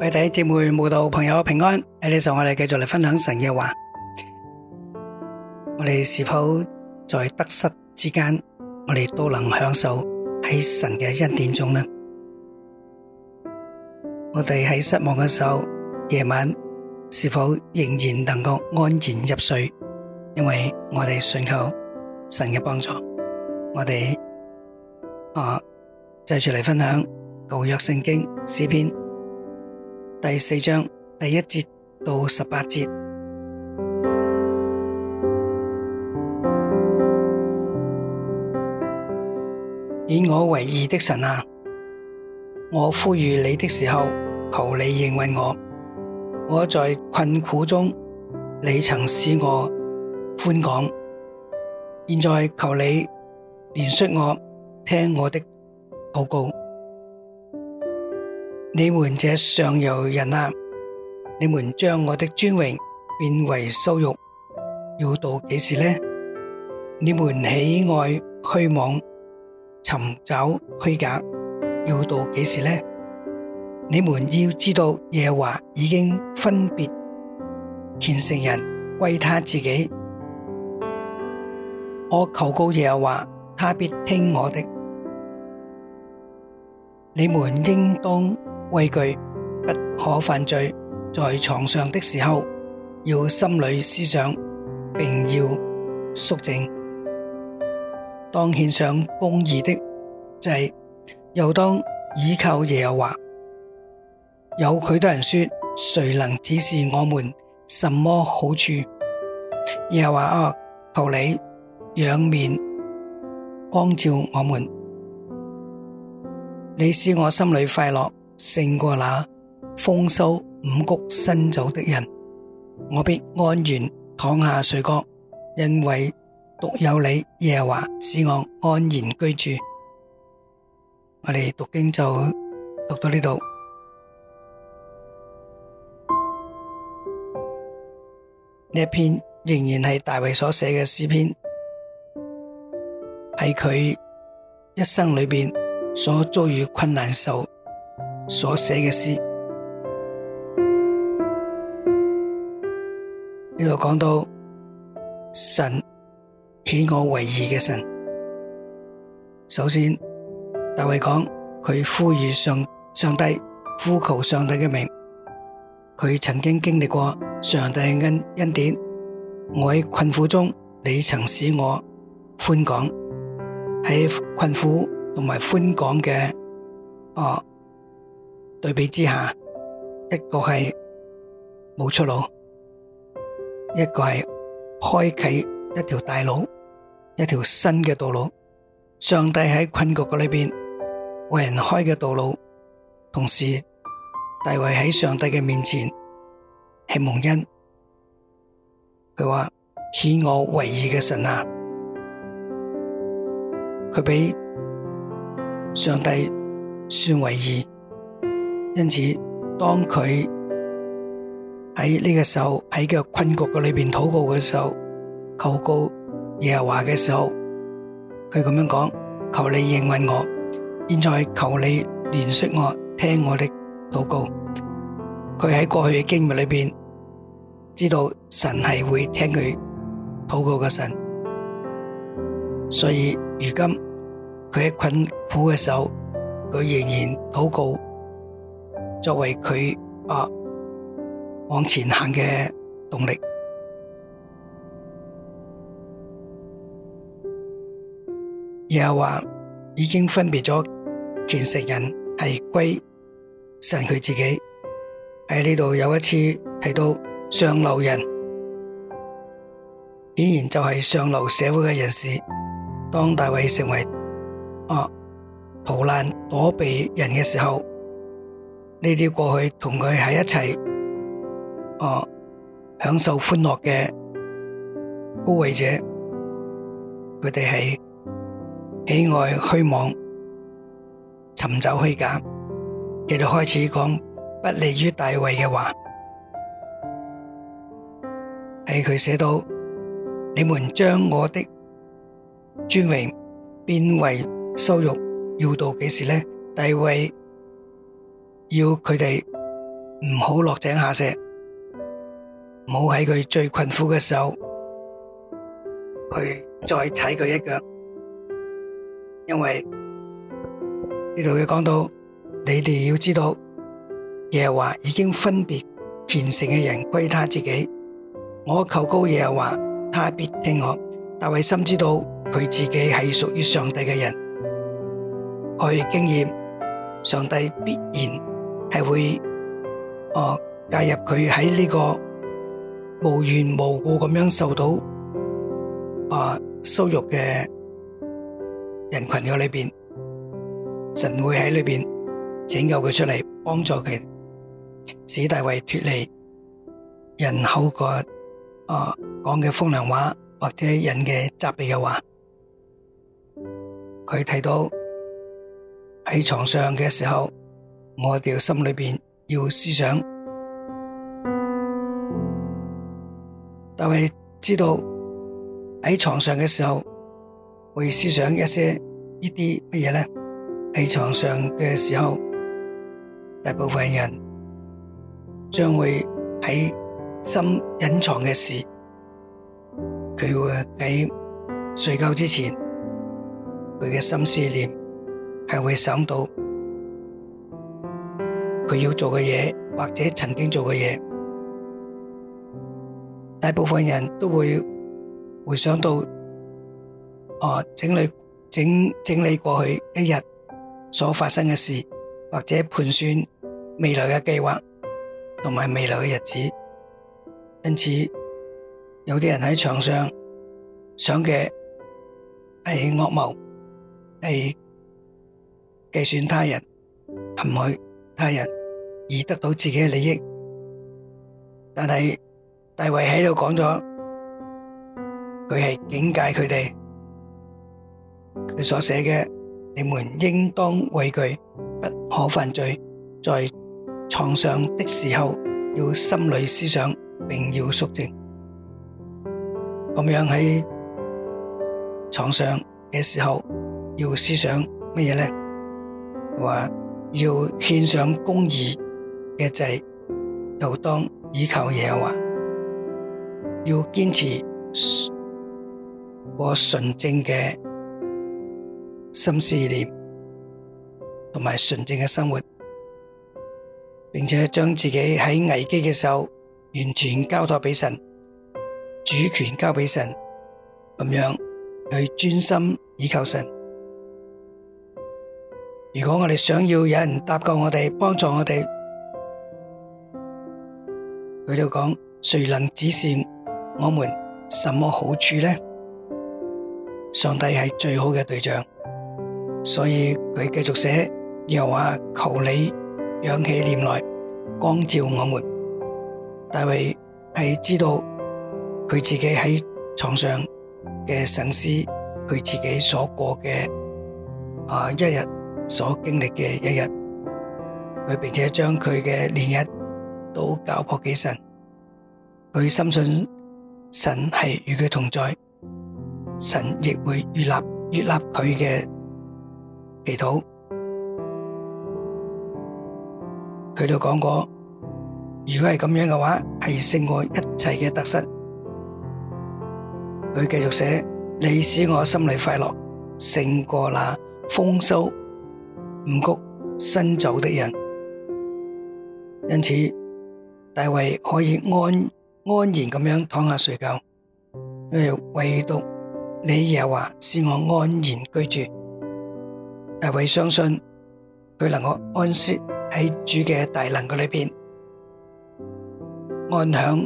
各位弟兄姊妹、慕道朋友平安，喺呢度我哋繼續嚟分享神嘅話。我哋是否在得失之間，我哋都能享受喺神嘅恩典中呢？我哋喺失望嘅時候，夜晚是否仍然能夠安然入睡？因為我哋尋求神嘅幫助，我哋啊，繼續嚟分享舊約聖經詩篇。第四章第一節到十八節，以我為義的神啊，我呼籲你的時候，求你應允我。我在困苦中，你曾使我寬廣，現在求你憐恤我，聽我的禱告。你們這上游人啊，你們將我的尊榮變為羞辱，要到幾時呢？你們喜愛虛妄，尋找虛假，要到幾時呢？你們要知道耶華已經分別虔誠人歸他自己。我求告耶和華，他必聽我的。你們應當。畏懼不可犯罪，在床上的時候要心裏思想，並要肅靜。當獻上公義的祭，又、就是、當倚靠耶和華。有許多人說：誰能指示我們什麼好處？耶和華啊，求你仰面光照我們，你使我心裏快樂。勝過那豐收五谷新酒的人，我必安然躺下睡覺，因為獨有你耶華使我安然居住。我哋讀經就讀到呢度，呢一篇仍然係大衛所寫嘅詩篇，係佢一生裏邊所遭遇困難受。所寫嘅詩，呢度講到神顯我為義嘅神。首先，大衛講佢呼籲上上帝，呼求上帝嘅名。佢曾經經歷過上帝恩恩典，我喺困苦中，你曾使我寬廣。喺困苦同埋寬廣嘅，哦。對比之下，一個係冇出路，一個係開啟一條大路，一條新嘅道路。上帝喺困局嘅裏邊為人開嘅道路，同時大衛喺上帝嘅面前係蒙恩，佢話顯我為義嘅神啊！佢俾上帝算為義。因此，當佢喺呢個時候，喺個困局裏邊禱告嘅時候，求告耶和華嘅時候，佢咁樣講：求你應允我，現在求你憐恤我，聽我的禱告。佢喺過去嘅經歷裏邊知道神係會聽佢禱告嘅神，所以如今佢喺困苦嘅時候，佢仍然禱告。作為佢啊往前行嘅動力，又話已經分別咗，虔誠人係歸神佢自己。喺呢度有一次提到上流人，顯然就係上流社會嘅人士。當大衛成為啊逃難躲避人嘅時候。呢啲過去同佢喺一齊，哦，享受歡樂嘅高位者，佢哋係喜愛虛妄、尋找虛假，佢哋開始講不利於大衛嘅話，係佢寫到：你們將我的尊榮變為羞辱，要到幾時呢？大衛。要佢哋唔好落井下石，唔好喺佢最困苦嘅時候，佢再踩佢一腳。因為呢度佢講到，你哋要知道耶和華已經分別虔誠嘅人歸他自己。我求告耶和華，他必聽我。大衛深知道，佢自己係屬於上帝嘅人，佢經驗上帝必然。係會，啊、哦，介入佢喺呢個無緣無故咁樣受到啊羞辱嘅人群嘅裏邊，神會喺裏邊拯救佢出嚟，幫助佢使大衛脫離人口嘅啊、呃、講嘅風涼話或者人嘅責備嘅話。佢睇到喺床上嘅時候。我哋心裏邊要思想，但係知道，喺床上嘅時候會思想一些呢啲乜嘢咧？喺床上嘅時候，大部分人將會喺心隱藏嘅事，佢會喺睡覺之前，佢嘅心思念，係會想到。佢要做嘅嘢，或者曾經做嘅嘢，大部分人都會回想到，哦，整理整整理過去一日所發生嘅事，或者盤算未來嘅計劃同埋未來嘅日子。因此，有啲人喺床上想嘅係惡謀，係計算他人、陷害他人。而得到自己嘅利益，但係大衛喺度講咗，佢係警戒佢哋，佢所寫嘅：你們應當畏懼，不可犯罪，在床上的時候要心裏思想，並要肅靜。咁樣喺床上嘅時候要思想乜嘢咧？話要獻上公義。嘅祭，又當以求嘢話，要堅持個純正嘅心思念，同埋純正嘅生活，並且將自己喺危機嘅時候完全交託俾神，主權交俾神，咁樣去專心以求神。如果我哋想要有人搭救我哋，幫助我哋。佢哋都講，誰能指示我們什麼好處呢？上帝係最好嘅對象，所以佢繼續寫，又話，求你仰起臉來光照我們。大衛係知道佢自己喺床上嘅省思，佢自己所過嘅啊一日所經歷嘅一日，佢並且將佢嘅年日都交破俾神。佢深信神係與佢同在，神亦會悦納悦納佢嘅祈禱。佢都講過，如果係咁樣嘅話，係勝過一切嘅得失。佢繼續寫：你使我心裡快樂，勝過那豐收五谷新酒的人。因此，大衛可以安。安然咁樣躺下睡覺，因為唯獨你又話使我安然居住，大衛相信佢能夠安息喺主嘅大能嘅裏邊，安享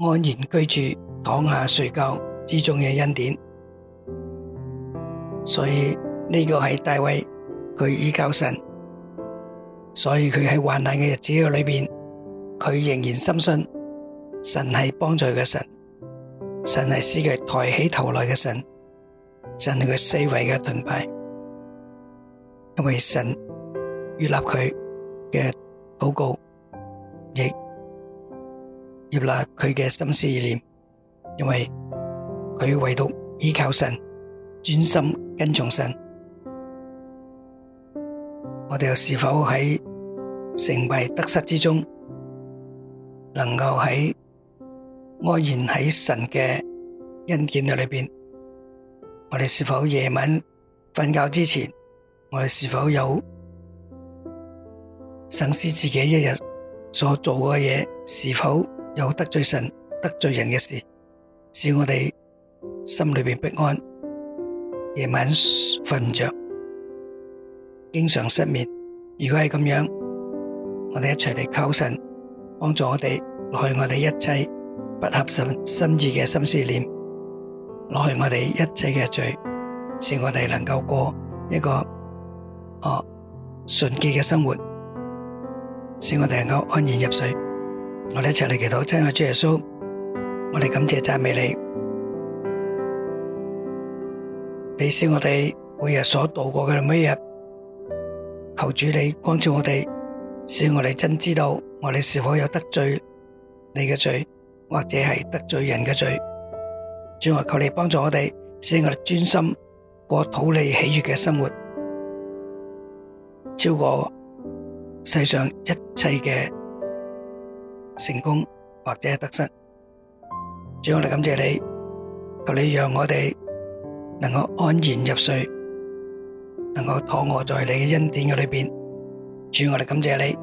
安然居住、躺下睡覺之中嘅恩典。所以呢個係大衛佢依靠神，所以佢喺患難嘅日子裏邊。佢仍然深信神係幫助佢嘅神，神係使佢抬起頭來嘅神，神係佢四圍嘅盾牌，因為神悅納佢嘅禱告，亦悅納佢嘅心思意念，因為佢唯獨依靠神，專心跟從神。我哋又是否喺成敗得失之中？能夠喺安然喺神嘅恩典度裏邊，我哋是否夜晚瞓覺之前，我哋是否有審思自己一日所做嘅嘢，是否有得罪神、得罪人嘅事，使我哋心裏邊不安，夜晚瞓唔着，經常失眠。如果係咁樣，我哋一齊嚟靠神。幫助我哋攞去我哋一切不合神心意嘅心思念，攞去我哋一切嘅罪，使我哋能夠過一個哦純潔嘅生活，使我哋能夠安然入睡。我哋一齊嚟祈禱，親愛的主耶穌，我哋感謝讚美你。你使我哋每日所度過嘅每一日，求主你幫助我哋，使我哋真知道。我哋是否有得罪你嘅罪，或者係得罪人嘅罪？主啊，求你幫助我哋，使我哋專心過討你喜悅嘅生活，超過世上一切嘅成功或者得失。主，我哋感謝你，求你讓我哋能夠安然入睡，能夠躺臥在你嘅恩典嘅裏邊。主，我哋感謝你，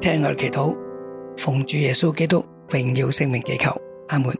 聽我哋祈禱。奉主耶穌基督榮耀聖名祈求，阿門。